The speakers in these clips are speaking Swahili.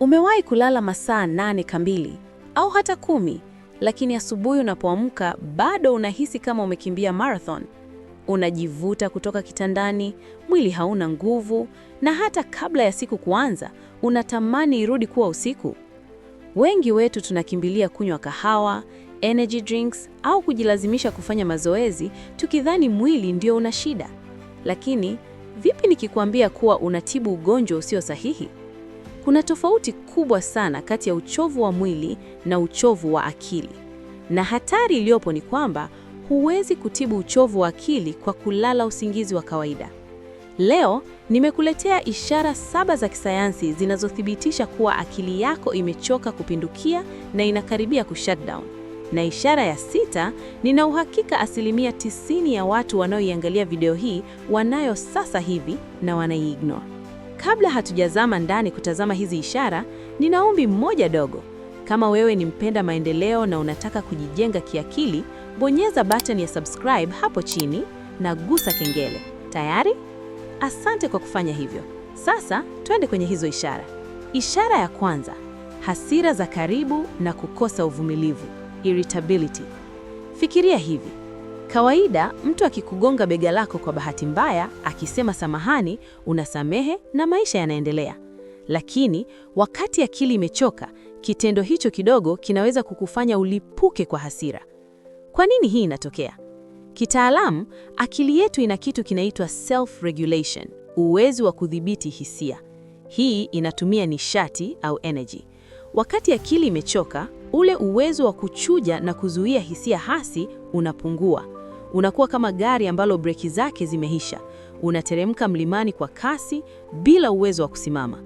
Umewahi kulala masaa nane kamili au hata kumi, lakini asubuhi unapoamka bado unahisi kama umekimbia marathon. Unajivuta kutoka kitandani, mwili hauna nguvu, na hata kabla ya siku kuanza unatamani irudi kuwa usiku. Wengi wetu tunakimbilia kunywa kahawa, energy drinks au kujilazimisha kufanya mazoezi tukidhani mwili ndio una shida. Lakini vipi nikikwambia kuwa unatibu ugonjwa usio sahihi? Kuna tofauti kubwa sana kati ya uchovu wa mwili na uchovu wa akili, na hatari iliyopo ni kwamba huwezi kutibu uchovu wa akili kwa kulala usingizi wa kawaida. Leo nimekuletea ishara saba za kisayansi zinazothibitisha kuwa akili yako imechoka kupindukia na inakaribia kushutdown. Na ishara ya sita, nina uhakika asilimia 90 ya watu wanaoiangalia video hii wanayo sasa hivi na wanaiignore. Kabla hatujazama ndani kutazama hizi ishara, nina ombi mmoja dogo. Kama wewe ni mpenda maendeleo na unataka kujijenga kiakili, bonyeza button ya subscribe hapo chini na gusa kengele. Tayari? Asante kwa kufanya hivyo. Sasa twende kwenye hizo ishara. Ishara ya kwanza, hasira za karibu na kukosa uvumilivu, irritability. Fikiria hivi. Kawaida mtu akikugonga bega lako kwa bahati mbaya, akisema samahani, unasamehe na maisha yanaendelea. Lakini wakati akili imechoka, kitendo hicho kidogo kinaweza kukufanya ulipuke kwa hasira. Kwa nini hii inatokea? Kitaalamu, akili yetu ina kitu kinaitwa self regulation, uwezo wa kudhibiti hisia. Hii inatumia nishati au energy. Wakati akili imechoka, ule uwezo wa kuchuja na kuzuia hisia hasi unapungua. Unakuwa kama gari ambalo breki zake zimeisha, unateremka mlimani kwa kasi bila uwezo wa kusimama.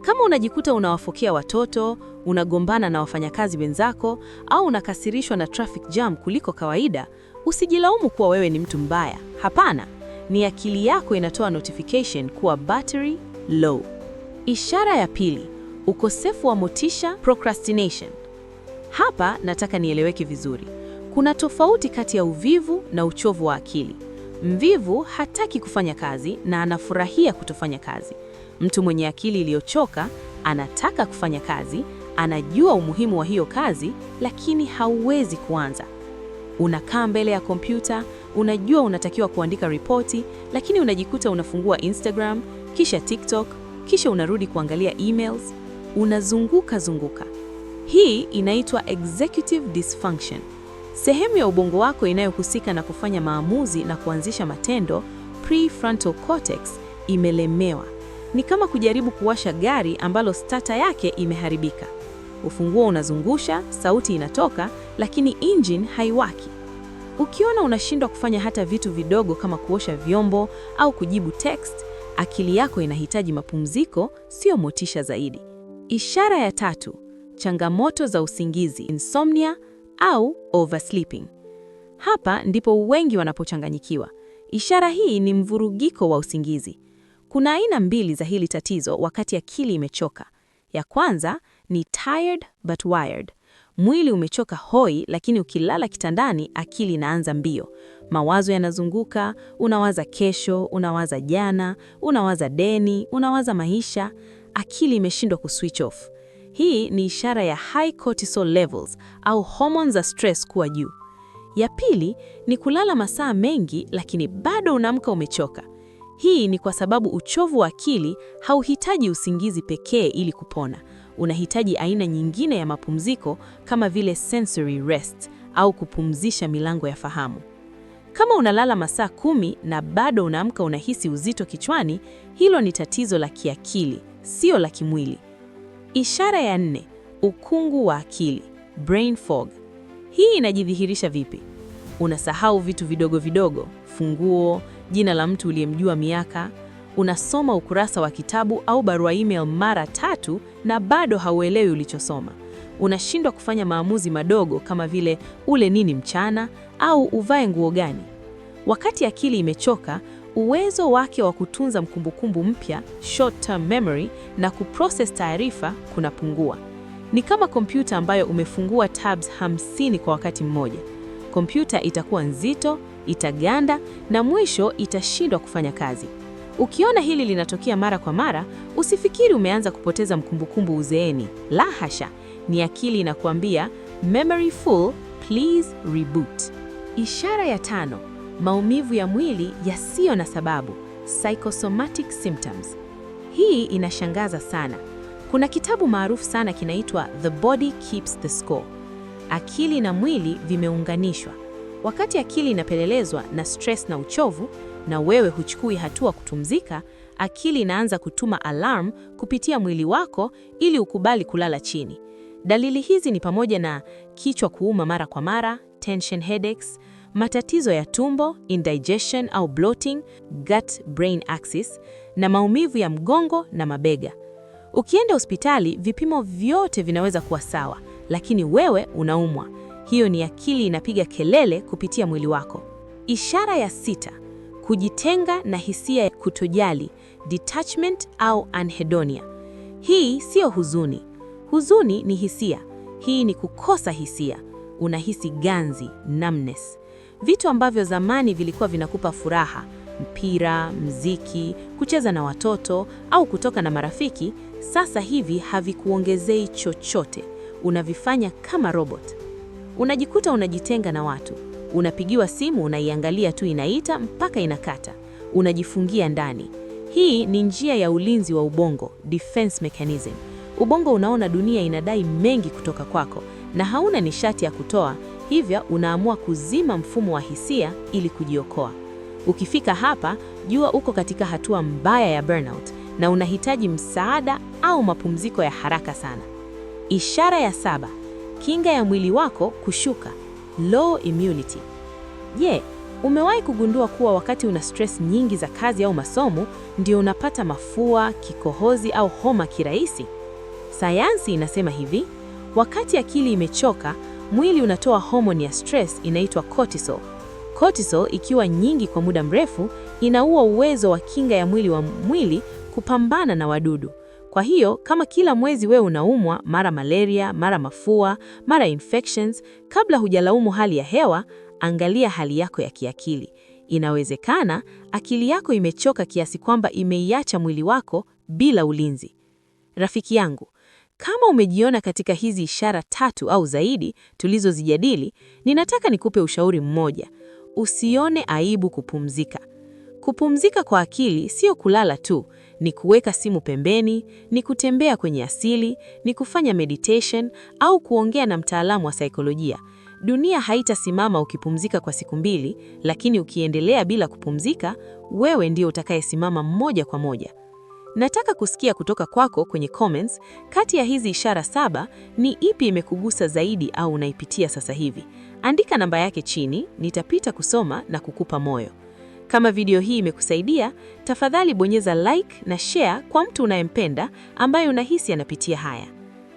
Kama unajikuta unawafokea watoto, unagombana na wafanyakazi wenzako, au unakasirishwa na traffic jam kuliko kawaida, usijilaumu kuwa wewe ni mtu mbaya. Hapana, ni akili yako inatoa notification kuwa battery low. Ishara ya pili, ukosefu wa motisha, procrastination. Hapa nataka nieleweke vizuri. Kuna tofauti kati ya uvivu na uchovu wa akili. Mvivu hataki kufanya kazi na anafurahia kutofanya kazi. Mtu mwenye akili iliyochoka anataka kufanya kazi, anajua umuhimu wa hiyo kazi, lakini hauwezi kuanza. Unakaa mbele ya kompyuta, unajua unatakiwa kuandika ripoti, lakini unajikuta unafungua Instagram, kisha TikTok, kisha unarudi kuangalia emails, unazunguka zunguka. Hii inaitwa executive dysfunction. Sehemu ya ubongo wako inayohusika na kufanya maamuzi na kuanzisha matendo, prefrontal cortex, imelemewa. Ni kama kujaribu kuwasha gari ambalo stata yake imeharibika. Ufunguo unazungusha, sauti inatoka, lakini engine haiwaki. Ukiona unashindwa kufanya hata vitu vidogo kama kuosha vyombo au kujibu text, akili yako inahitaji mapumziko, sio motisha zaidi. Ishara ya tatu, changamoto za usingizi, insomnia au oversleeping. Hapa ndipo wengi wanapochanganyikiwa. Ishara hii ni mvurugiko wa usingizi. Kuna aina mbili za hili tatizo wakati akili imechoka. Ya kwanza ni tired but wired. Mwili umechoka hoi, lakini ukilala kitandani akili inaanza mbio. Mawazo yanazunguka, unawaza kesho, unawaza jana, unawaza deni, unawaza maisha. Akili imeshindwa kuswitch off. Hii ni ishara ya high cortisol levels au hormones za stress kuwa juu. Ya pili ni kulala masaa mengi lakini bado unaamka umechoka. Hii ni kwa sababu uchovu wa akili hauhitaji usingizi pekee ili kupona. Unahitaji aina nyingine ya mapumziko kama vile sensory rest au kupumzisha milango ya fahamu. Kama unalala masaa kumi na bado unaamka unahisi uzito kichwani, hilo ni tatizo la kiakili, sio la kimwili. Ishara ya nne, ukungu wa akili, brain fog. Hii inajidhihirisha vipi? Unasahau vitu vidogo vidogo, funguo, jina la mtu uliyemjua miaka. Unasoma ukurasa wa kitabu au barua email mara tatu na bado hauelewi ulichosoma. Unashindwa kufanya maamuzi madogo kama vile ule nini mchana au uvae nguo gani. Wakati akili imechoka, Uwezo wake wa kutunza mkumbukumbu mpya short term memory na kuprocess taarifa kunapungua. Ni kama kompyuta ambayo umefungua tabs 50 kwa wakati mmoja. Kompyuta itakuwa nzito, itaganda na mwisho itashindwa kufanya kazi. Ukiona hili linatokea mara kwa mara, usifikiri umeanza kupoteza mkumbukumbu uzeeni. La hasha, ni akili inakuambia memory full, please reboot. Ishara ya tano maumivu ya mwili yasiyo na sababu, psychosomatic symptoms. Hii inashangaza sana. Kuna kitabu maarufu sana kinaitwa The Body Keeps the Score. Akili na mwili vimeunganishwa. Wakati akili inapelelezwa na stress na uchovu, na wewe huchukui hatua kutumzika akili inaanza kutuma alarm kupitia mwili wako ili ukubali kulala chini. Dalili hizi ni pamoja na kichwa kuuma mara kwa mara, tension headaches, matatizo ya tumbo, indigestion au bloating, gut brain axis, na maumivu ya mgongo na mabega. Ukienda hospitali, vipimo vyote vinaweza kuwa sawa, lakini wewe unaumwa. Hiyo ni akili inapiga kelele kupitia mwili wako. Ishara ya sita, kujitenga na hisia ya kutojali, detachment au anhedonia. Hii siyo huzuni. Huzuni ni hisia. Hii ni kukosa hisia. Unahisi ganzi, numbness vitu ambavyo zamani vilikuwa vinakupa furaha: mpira, mziki, kucheza na watoto au kutoka na marafiki, sasa hivi havikuongezei chochote. Unavifanya kama robot. Unajikuta unajitenga na watu, unapigiwa simu, unaiangalia tu inaita mpaka inakata, unajifungia ndani. Hii ni njia ya ulinzi wa ubongo, defense mechanism. Ubongo unaona dunia inadai mengi kutoka kwako na hauna nishati ya kutoa hivyo unaamua kuzima mfumo wa hisia ili kujiokoa. Ukifika hapa, jua uko katika hatua mbaya ya burnout na unahitaji msaada au mapumziko ya haraka sana. Ishara ya saba, kinga ya mwili wako kushuka, low immunity. Je, yeah, umewahi kugundua kuwa wakati una stress nyingi za kazi au masomo ndio unapata mafua, kikohozi au homa kirahisi? Sayansi inasema hivi, wakati akili imechoka mwili unatoa homoni ya stress inaitwa cortisol. Cortisol ikiwa nyingi kwa muda mrefu, inaua uwezo wa kinga ya mwili wa mwili kupambana na wadudu. Kwa hiyo kama kila mwezi wewe unaumwa mara malaria, mara mafua, mara infections, kabla hujalaumu hali ya hewa, angalia hali yako ya kiakili. Inawezekana akili yako imechoka kiasi kwamba imeiacha mwili wako bila ulinzi. Rafiki yangu, kama umejiona katika hizi ishara tatu au zaidi tulizozijadili, ninataka nikupe ushauri mmoja. Usione aibu kupumzika. Kupumzika kwa akili sio kulala tu, ni kuweka simu pembeni, ni kutembea kwenye asili, ni kufanya meditation au kuongea na mtaalamu wa saikolojia. Dunia haitasimama ukipumzika kwa siku mbili, lakini ukiendelea bila kupumzika, wewe ndio utakayesimama moja kwa moja. Nataka kusikia kutoka kwako kwenye comments, kati ya hizi ishara saba ni ipi imekugusa zaidi au unaipitia sasa hivi? Andika namba yake chini, nitapita kusoma na kukupa moyo. Kama video hii imekusaidia, tafadhali bonyeza like na share kwa mtu unayempenda ambaye unahisi anapitia haya.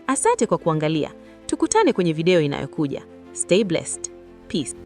Asante kwa kuangalia. Tukutane kwenye video inayokuja. Stay blessed. Peace.